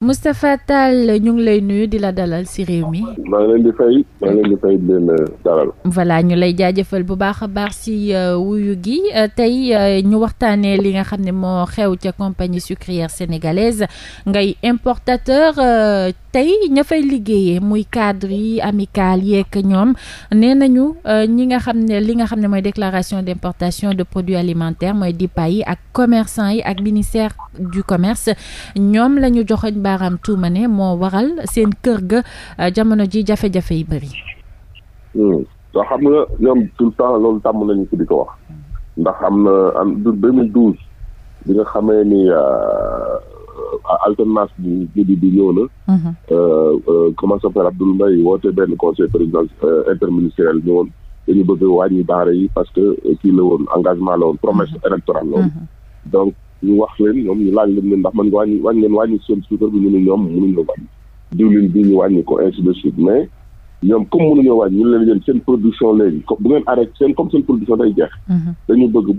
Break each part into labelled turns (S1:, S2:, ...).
S1: Moustapha Tall ñu ngi lay nuyu di la dalal ci réew mi. maa euh, ñu lay jaajëfal bu baax a baax ci euh, wuyu gi euh, tey ñu waxtaanee li nga xam ne moo xew ca compagnie sucrière sénégalaise ngay importateur. tey ña fay liggéeyee muy cadre yi amical yeeg ñoom nee nañu euh, ñi nga xam ne li nga xam ne mooy déclaration d'importation de produits alimentaires mooy DIPA yi ak commerçant yi ak ministère du commerce ñoom la ñu joxoñ baaraam tuuma ne moo waral seen kër ga euh, jamono ji jafe-jafe yi bëri.
S2: soo hmm. xam nga ñoom tout temps loolu tàmm nañu ko di ko wax. ndax am na am 2012 nga xamee ni. Euh, alternance bu guddi bi ñëw na. Mhm. Euh, euh, comment ça s'appelle Abdoul Mbaye woote benn conseil présidence euh, interministériel ñëwoon dañu bëgg wàññi daara yi parce que kii la woon engagement la woon promesse mhm. électorale la woon. Mhm. donc ñu wax leen ñu laaj leen ndax man wàññi wàññi seen suukar bi ñu ne ñoom mënuñoo wàññi. diwlin bi ñu wàññi ko ainsi suite mais. ñoom comme mënuñoo wàññi ñu leen seen production léegi bu ngeen arrêté seen comme seen production day jeex. dañu bëgg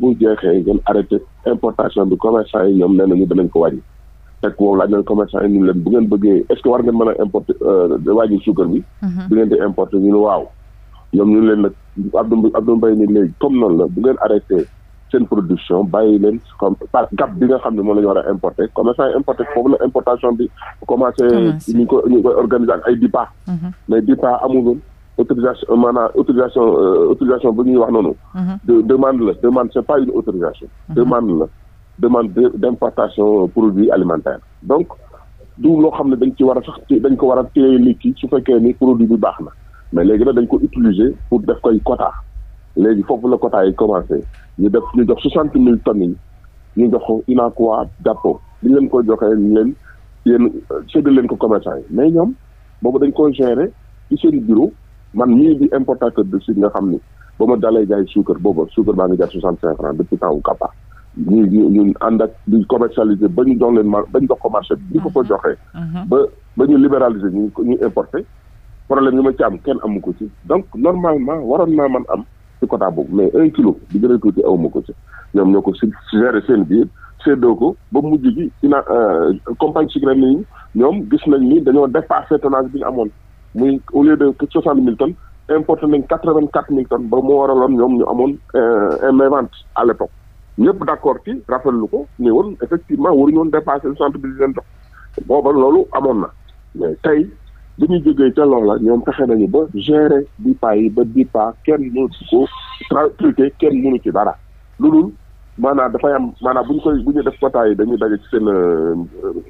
S2: fekk moom laaj nañ commerçant indi leen bu ngeen bëggee est war ngeen mën a importer euh, wàññi suukar bi. Mhm. bu ngeen di importer ñu waaw. ñoom ñu leen nag Abdou Abdou Mbaye ni léegi comme noonu la bu ngeen arrêté seen production bàyyi leen comme par gap bi nga xam ne moom la ñu war a importer commerçant yi importer foofu la importation bi commencé. commencé ñu ko mhm. euh, euh, ñuy wax noonu. Mhm. demande la demande c'est pas une autorisation. demande la. demande d'importation euh, produits alimentaires donc du loo xam ne dañ ci war a sax dañ ko war a téye nit ki su fekkee ni produit bi baax na mais léegi nag dañ ko utiliser pour def koy quota léegi foofu la quota yi commencé ñu def ñu jox soixante mille tonnes yi ñu jox ko UNACOIS DAPO li ñu leen ko joxee ñu leen yéen séddale leen ko commerçant yi mais ñoom boobu dañ koy gérer ci seen bureau man mii di importateur de sucre nga xam ni ba ma dalee jaay suukar booba suukar baa ngi jar soixante cinq francs ñu ñu ñu ànd di commercialiser ba ñu jox leen ba ñu jox ko marché bi. ñu ko ko uh-huh. joxee. Uh-huh. ba ba ñu libéraliser ñu ñu importer problème yi ma ci am kenn amu ko ci donc normalement waroon naa man am ci quota boobu mais un kilo bi gën ma ko ci ñoom ñoo si gérer seen biir ba mujj gi ina euh, compagnie sucrière yi ñoom gis nañ ni dañoo dépassé tonnage bi ñu amoon muy au lieu de soixante mille tonnes importé nañ quatre vingt quatre mille tonnes ba mu waraloon ñoom ñu amoon euh, un vente à ñëpp d' accord ci lu ko ne woon effectivement waruñu woon dépassé le centre bi di leen dox booba loolu amoon na mais tey bu ñu jógee ca loola ñoom fexe nañu ba gérer di pa yi ba di pa kenn mënu ko traité kenn mënu ci dara lu loolu maanaam dafay am maanaam bu ñu koy bu ñu def quota yi dañuy daje ci seen euh,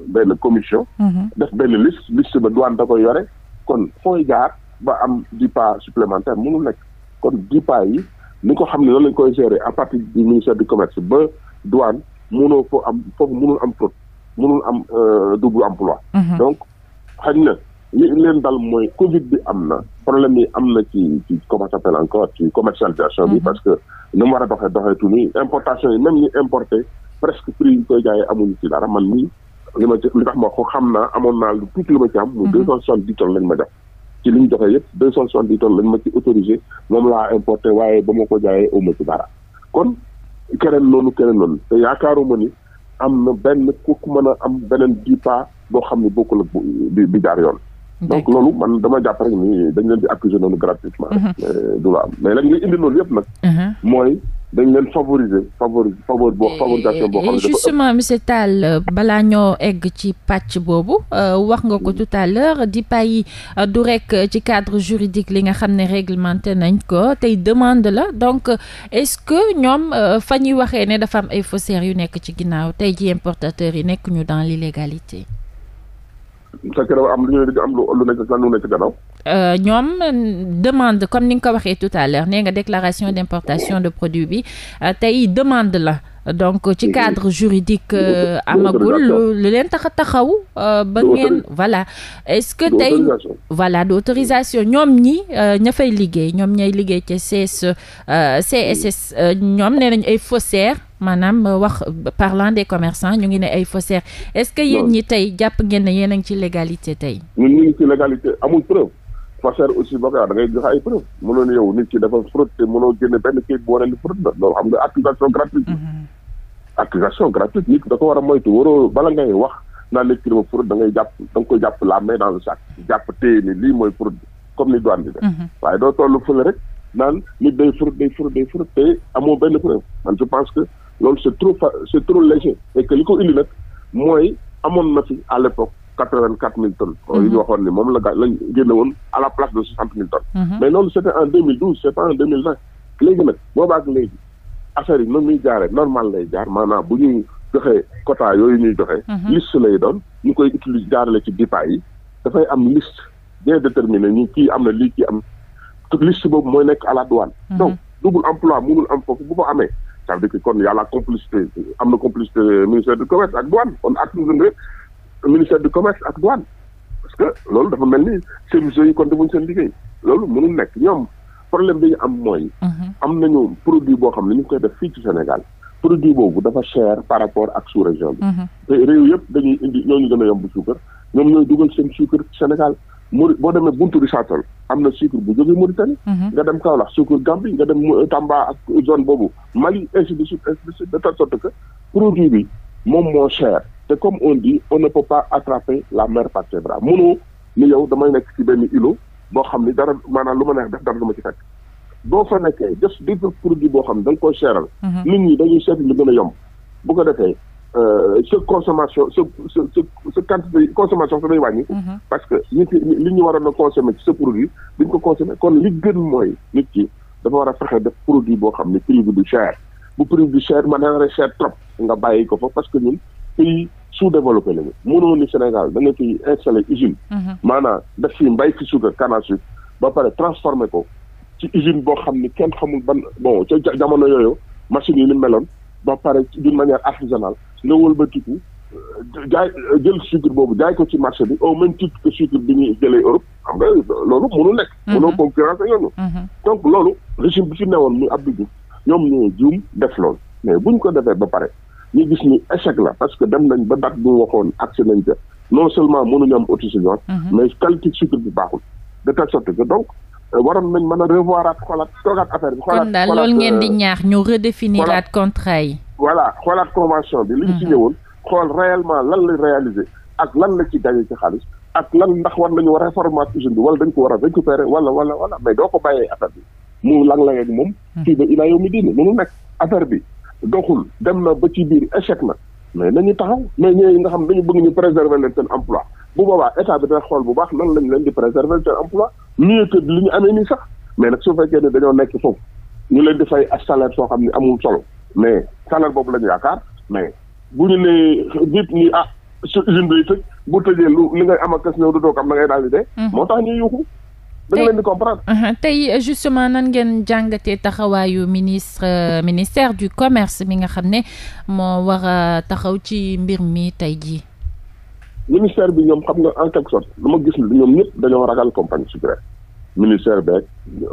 S2: benn commission. Mm-hmm. def benn liste liste ba douane da koy yore kon fooy jaar ba am di pa supplémentaire mënul nekk kon di pa yi. ni ko xam ne loolu lañ koy gérer à partir du ministère du commerce ba douane mënoo foo am foofu mënul am fraude mënul am euh, double emploi mhm. donc xañ na li leen dal mooy Covid bi am na problème yi am na ci ci comment ça s'appelle encore ci commercialisation bi mhm. parce que ni mu war a doxee doxeetu ni importation yi même ñu importé presque prix yi koy jaayee amuñu ci dara man nii li ma ci li tax ma ko xam na amoon naa lu tuuti li ci am. mu mhm. deux cent soixante dix lañ ma def. ci li ñu joxe yëpp deux son soixante dix tonnes lañ ma ci autorisé moom laa importé waaye ba ma ko jaayee aw ma ci dara kon keneen noonu keneen noonu te yaakaaruma ni am na benn kooku mën a am beneen dix pas boo xam ne bokkul ak bi bi jaar yoon. donc loolu man dama jàpp rek ni dañ leen di accuser noonu gratuitement. Mhm. Euh, du la am mais nag li indi loolu yëpp nag. Mhm. mooy. dañ leen favoriser favori favori boo eh, favorisation boo xam
S1: balaa ñoo egg ci pàcc boobu euh, wax nga ko mm. tout à l'heure di payi euh, du rek euh, ci cadre juridique li nga xam ne réglementer nañ ko tey demande la donc est-ce que ñoom fa ñuy waxee ne dafa am ay faussaires yu nekk ci ginnaaw tey ji importateurs yi nekk ñu dans l'illégalité sa kër Euh, ñoom euh, demande comme ni nga ko waxee tout à l'heure nee nga déclaration d'importation de produit bi euh, tey demande la donc ci mhm. cadre juridique amagul lu leen tax a taxaw ba ngeen voilà est-ce que tey voilà autorisation ñoom ñi ña fay liggéey ñoom ñay liggéey ci CS CSS ñoom nee nañu ay faussaires maanaam wax parlant des commerçants ñu ngi ne ay faussaires est-ce que yéen ñi tey jàpp ngeen ne yéen a ngi ci légalité tey
S2: ñun ñu ngi ci légalité amul preuve facher aussi boo koy wax da ngay joxe ay preuve mënoo ne yow nit ki dafa fraude te mënoo génne benn kayit bu waree li fraude la loolu xam nga accusation gratuite mhm. accusation gratuite nit da ko war a moytu waroo bala ngay wax naa nit ki dafa fraude da ngay jàpp da koy jàpp la main dans le sac jàpp téye ni lii mooy fraude comme ni douane di def mhm. waaye doo toll fële rek naan nit day fraude day fraude day fraude te amoo benn preuve man je pense que loolu c'est trop fa ko indi amoon na fi à quatre-vingt-quatre mille tonnes. yi mhm. ñu waxoon ne moom la gaa lañ génne à la place de soixante mille tonnes. Mhm. mais loolu c'était en deux mille douze c'est pas en deux mille vingt. léegi nag boobaak léegi affaire noonu muy jaaree normal lay jaar maanaam bu ñuy joxe quota yooyu ñuy joxe. Mhm. liste lay doon ñu koy utiliser jaarale ci DIPA yi dafay am liste bien déterminée ñu kii am na lii kii am toute boobu mooy nekk à la douane. donc double emploi mënul am foofu bu a la complicité ministère du commerce ak douane parce que loolu dafa mel ni services yooyu compté buñ seen liggéey loolu mënul nekk ñoom problème bi ñu am mooy. Mhm. am nañu produit boo xam ne ñu koy def fii ci Sénégal produit boobu dafa cher par rapport ak sous région bi. Mhm. te réew yëpp dañuy indi ñoo ñu gën a yomb suukar ñoom ñooy dugal seen suukar Sénégal. Mori boo demee buntu Richard-Toll am na sucre bu jógee Mauritanie. Mhm. nga dem Kaolack sucre Gambie nga dem Tamba ak boobu Mali ainsi de bi moom moo cher te comme on dit on ne peut pas attraper la mer par ses bras munoo ni yow damay nekk ci benn îlot boo xam ni dara maanaam lu ma neex def dara du ma ci fekk boo fa nekkee jëf di produit boo xam ne da nga koy seeral mhm. nit ñi dañuy seet lu gën a yomb bu ko defee euh, sa consommation sa sa sa quantité consommation sa day wàññi mhm. parce que nit li ñu waroon a consommer ci sa produit duñ ko consommer kon li gën mooy nit ki dafa war a fexe def produit boo xam ne prix bu prix bi cher ma trop nga bàyyi ko fa parce que ñun pays sous-développé lañu mënoo ni Sénégal da nga fiy installé usine mhm. maanaam def fi mbay fi suukar canne à ba pare transformé ko ci usine boo xam ni kenn xamul ban bon ca jamono yooyu machine yi ni meloon ba pare d'une manière artisanale nga wëlbatiku euh, jaay jël sucre boobu jaay ko ci marché bi au même titre que bi ñuy jëlee Europe xam nga loolu mënul nekk mhm. mënoo concurrence ak ñooñu mhm. donc loolu régime bi fi newoon muy Abdou ñoom ñoo juum def loolu mais buñ ko defee ba pare ñu gis ñu échec la parce que dem nañ ba date bu waxoon accès nañ ca non seulement mënuñu am autosuffisance mhm. mais qualité sucre bi baaxul de telle sorte que donc euh, waroon nañ mën a revoiraat xoolaat toogaat affaire bi. xoolaat kon daal loolu ngeen di euh,
S1: ñaax ñu redéfiniraat contrat yi.
S2: convention bi. liñ ci mhm. ñëwoon xool réellement lan la réaliser ak lan la ci gagné ci xaalis. ak lan ndax war nañu war a réformer usine bi wala dañ ko war a récupérer wala wala wala mais doo bi. mu lang-lang ak moom hmm. fii ba ilaa yow mi diini mënul nekk affaire bi doxul dem na ba ci biir échec na mais nañu taxaw mais nga xam dañu bëgg ñu préserver leen seen emploi bu boobaa état bi dina xool bu baax nan lañ leen di préserver seen emploi mieux que li ñu amee nii sax mais nag su fekkee ne dañoo nekk foofu ñu leen di fay ak soo xam ne amul solo mais salaire boobu la ñu yaakaar mais bu ñu nee nit ñi ah su usine bi tëj bu tëjee lu li ngay am ak kes ñëw du doog am na ngay daal di dee hmm. da nga leen di comprendre.
S1: tey justement nan ngeen jàngatee taxawaayu ministre euh, ministère du commerce mi nga xam ne moo war a taxaw ci mbir mi tey jii.
S2: ministère bi ñoom xam nga en quelque sorte lu ma gis ni ñoom ñëpp dañoo ragal compagnie sucrière ministère beeg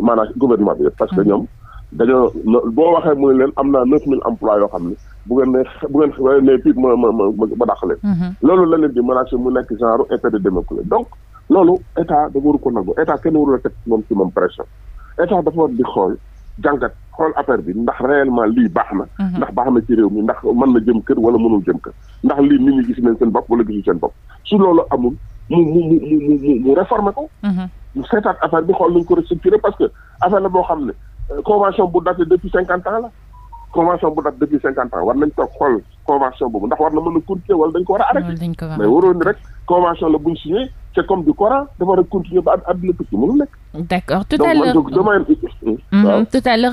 S2: maanaam gouvernement bi parce que ñoom dañoo boo waxee mu ne leen am naa neuf mille emplois yoo xam ne bu ngeen ne bu ngeen ne piit ma ma ma ba dàq leen. loolu la leen di menacé mu nekk genre effet de démocratie donc. loolu état da waru ko nangu état a teg moom ci moom pression état dafa war di xool jàngat xool affaire bi ndax réellement lii baax na mhm. ndax baax na ci réew mi ndax man na jëm kër wala mënul jëm kër ndax lii nit ñi gis nañ seen bopp wala gisu seen bopp su loolu amul mu mu mu mu mu mu réformer ko mhm. mu seetaat affaire bi xool nañ ko restructuré parce que affaire la boo xam ne euh, convention bu daté depuis cinquante ans la convention bu date depuis cinquante ans war nañ toog xool convention boobu ndax war na mën a continuer wala dañ ko war a arrêté mais c'est comme du Coran dafa war a continuer ba àdduna tukki mënul nekk.
S1: d'accord tout mm-hmm.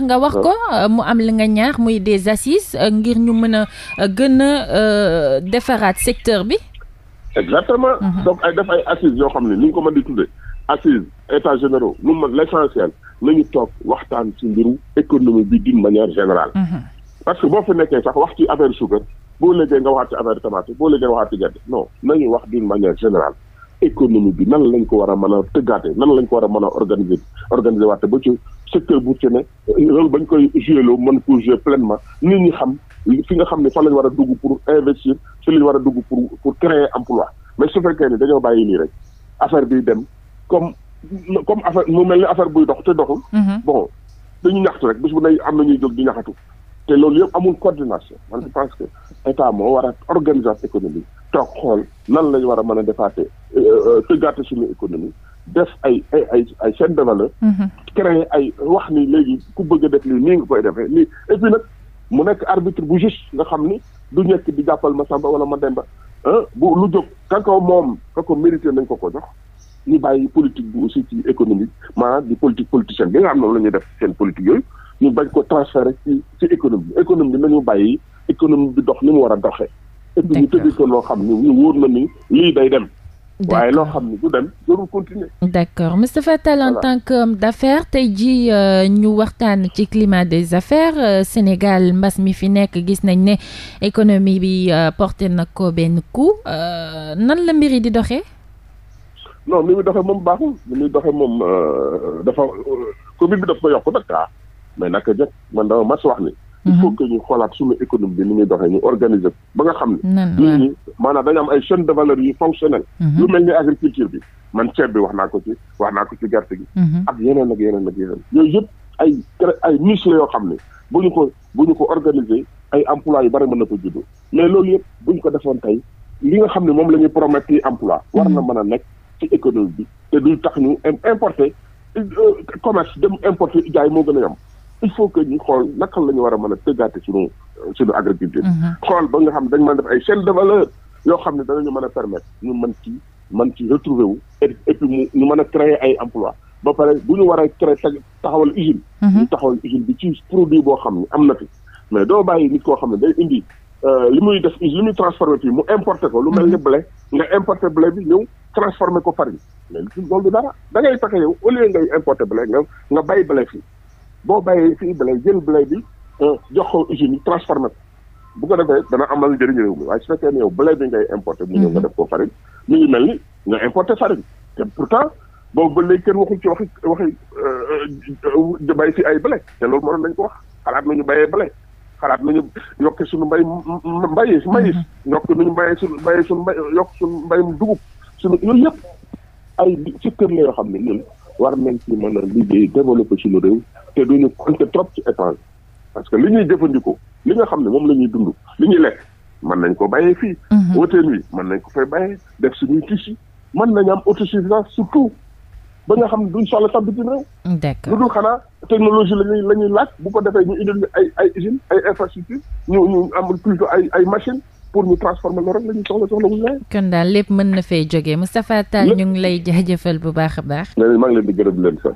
S1: nga wax ko mu am li nga ñaax muy des assises euh, ngir ñu mën a euh, gën a euh, defaraat secteur bi.
S2: exactement. Mm-hmm. donc ay def ay assises yoo xam ne ni ñu ko mën di tuddee assises états généraux nu mu mën l'essentiel nañu toog waxtaan ci mbiru économie bi d'une manière générale. Mm-hmm. parce que boo fi nekkee sax wax ci affaire suukar boo léegee nga waxaat ci affaire tomate boo léegee nga waxaat ci gerte non nañu wax d'une manière générale. économie bi nan lañ ko war a mën a tëggaate nan lañ ko war a mën a organiser organiser waate ba ci secteur bu ci ne loolu bañ koy jouer loo mën ko jouer pleinement nit ñi xam fi nga xam ne fan lañ war a dugg pour investir fi lañ war a dugg pour pour créer emploi mais su fekkee ni dañoo bàyyi nii rek affaire bi dem comme affaire mu mel ni affaire buy dox te doxul mm-hmm. bon dañu ñaxtu rek bis bu ne am na ñuy jóg di ñaxatu te loolu yëpp amul coordination man je pense que état toog xool lan lañu war a mën a defaatee euh, euh, tëggaate suñu économie def ay ay ay ay chaîne de mm-hmm. ay wax ni léegi ku bëgg a def lii nii nga koy defee nii et puis nag mu nekk arbitre bu juste nga xam ni du nekk di jàppal ma Samba wala ma Demba bu lu jóg kako moom kako mérité nañ ko ko jox ñu bàyyi politique bi aussi ci économique maanaam di politique politicienne bi nga xam ne la ñuy def seen politique yooyu ñu bañ ko transférer ci ci économie économie bi nañu économie bi dox ni mu war a doxee indi ñu tëgg ko loo xam ne ñu wóor na ni lii day dem waaye loo xam ne du dem jarul
S1: continuer d'accord Moustapha Tall en tant qu'homme d'affaires tey jii euh, ñu waxtaan ci climat des affaires euh, Sénégal mbas mi fi nekk gis nañ ne économie bi euh, porté na ko benn coup nan la mbir di doxe
S2: non muy doxee moom baaxul muy doxee moom dafa Covid bi daf ko yokk nag ah mais naka jot man dama mas wax ni il faut mhm. que ñu xoolaat suñu économie bi ni muy doxee ñu organiser ba nga xam ne nit ñi maanaam dañu am ay chaîne de valeur yu fonctionnel mhm. lu mel ni agriculture bi man ceeb bi wax naa ko ci wax naa ko ci gerte gi mhm. ak yeneen ak yeneen ak yeneen yooyu yëpp ay ay niche la yoo xam ne bu ñu ko bu ñu ko organiser ay emploi yu bari mën na ko judd mais loolu yëpp bu ñu ko defoon tey li nga xam ne moom la ñuy promettre yi emploi war na man a nekk ci économie bi te du tax ñu importer euh, commerce dem importer jaay moo gën a yam il faut que ñu xool naka lañu ñu war a mën a tëggaate suñu suñu agriculture. Mhm. xool ba nga xam dañ mën def ay chaîne de valeur yoo xam ne danañu man a permettre ñu mën ci mën ci retrouver wu. et puis mu ñu mën a créer ay emploi ba pare bu ñu war a créer taxawal usine. Mhm. ñu taxawal usine bi ci produit boo xam ne am na fi mais doo bàyyi nit koo xam ne day indi euh, li muy def li muy transformé fii mu importé ko lu mel ni mhm. blé nga importé blé bi ñëw transformé ko farine mais loolu du dara da ngay fexe yow au lieu ngay importé blé nga nga bay blé fii. boo bàyyee fii blé jël blé bi euh, jox ko usine yi transformé ko bu ko defee dana amal njëriñ réew mi waaye su fekkee ne yow blé bi ngay importé mu ñëw nga mhm. def ko farine mi ngi mel ni nga importé farine te pourtant boobu ba léegi kenn waxul ci waxi waxi euh, euh, bay fi ay blé te loolu moo doon dañ ko wax xalaat nañu béyee blé xalaat ñu yokk suñu mbay mbayis mayis yokk ñu mbayee suñu mbayee suñu mbay yokk suñu mbayum dugub suñu yooyu yëpp ay secteur la yoo xam ne war nañ ci mën a liggéey développé suñu réew te duñu compter trop ci étranger parce que li ñuy jëfandikoo li nga xam ne moom la ñuy dund li ñu lekk man nañ ko bàyyee fii hôtel mhm. yi man nañ ko fay bàyyee def suñuy tissu man nañu am autosuffisance surtout ba nga xam ne duñ soxla sax bitim réew lu dul xanaa technologie lañuy la ñuy laaj bu ko defee ñu indil ay ay ay infrastructure ñu ñu am plutôt ay ay machine pour ñu transformer loolu rek la ñu soxla soxla
S1: kon daal lépp mën na fay jógee Moustapha Tall ñu ngi lay jaajëfal bu baax a baax. maa ngi leen di